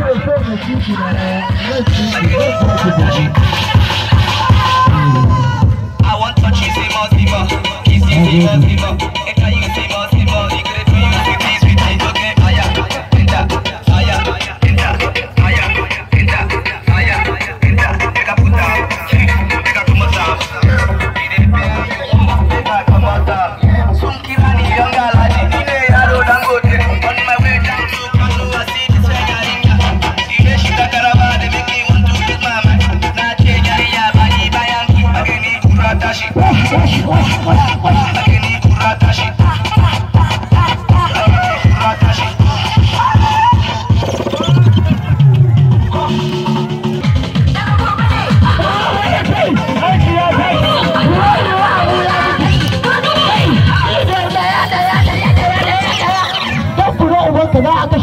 I want to cheese him out, him kiss him,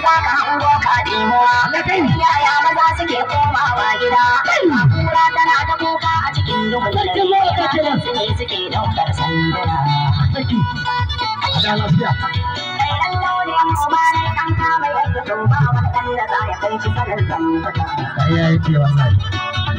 za ka hango ka nemuwa Ya ya maza suke komawa gida Kura tana ta kuka a cikin duhu Kullum lokacin suke suke daukar sandara Saki Ada lafiya Dairan daurin mu ba nai kanka mai wani tumba wa kanda za ya ci sanin zamfuta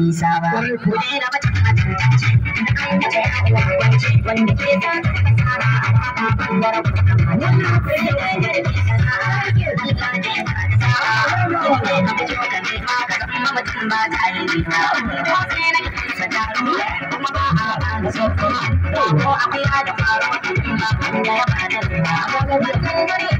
nisa ba ku rera mata a tantance wanda a da yi a da ko da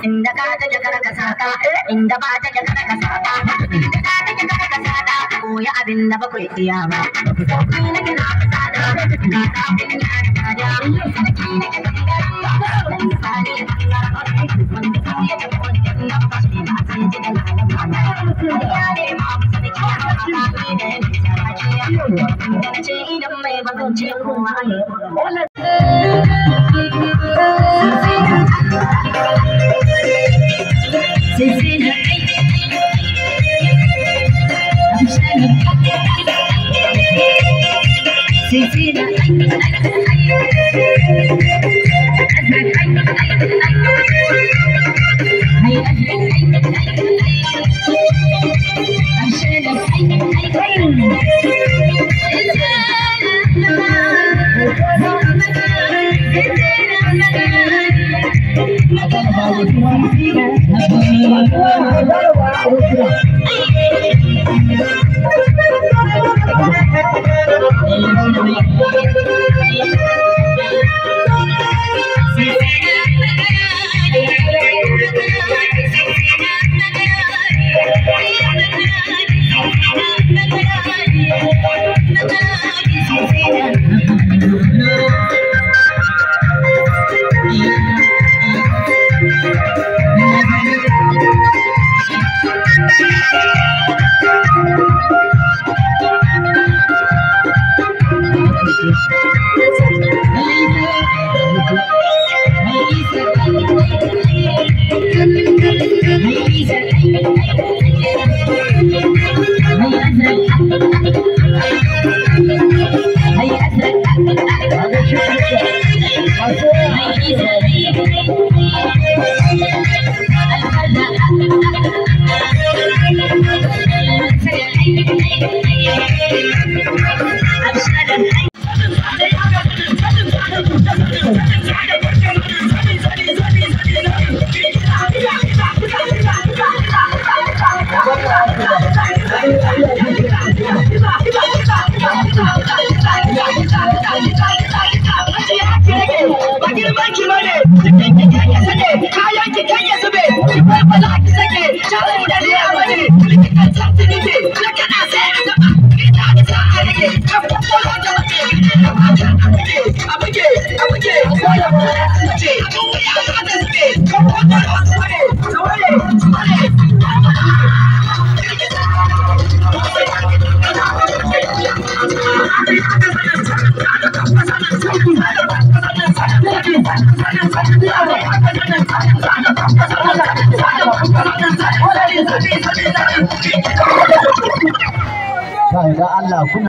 Inda ka ta jakar ka saka, inda ba ta ta ka abin da bakwai iya ba. Sauki na ka ka sa da na ce idan mai bakance kowa ne. Ola Sisi da Thank Thank you. बोले chicken की खेल के सके खाया की खेल के सुबे चिपल बना के सके चारों उड़े लिया मने लेकिन कल सबसे नीचे लेकिन ऐसे जब कितना कितना करेंगे जब फुटबॉल हो जब के अब के अब के अब के बोले बोले बच्चे तू याद कर सकते कब फुटबॉल हो सके सवाले सवाले Thank you. da Allah kuna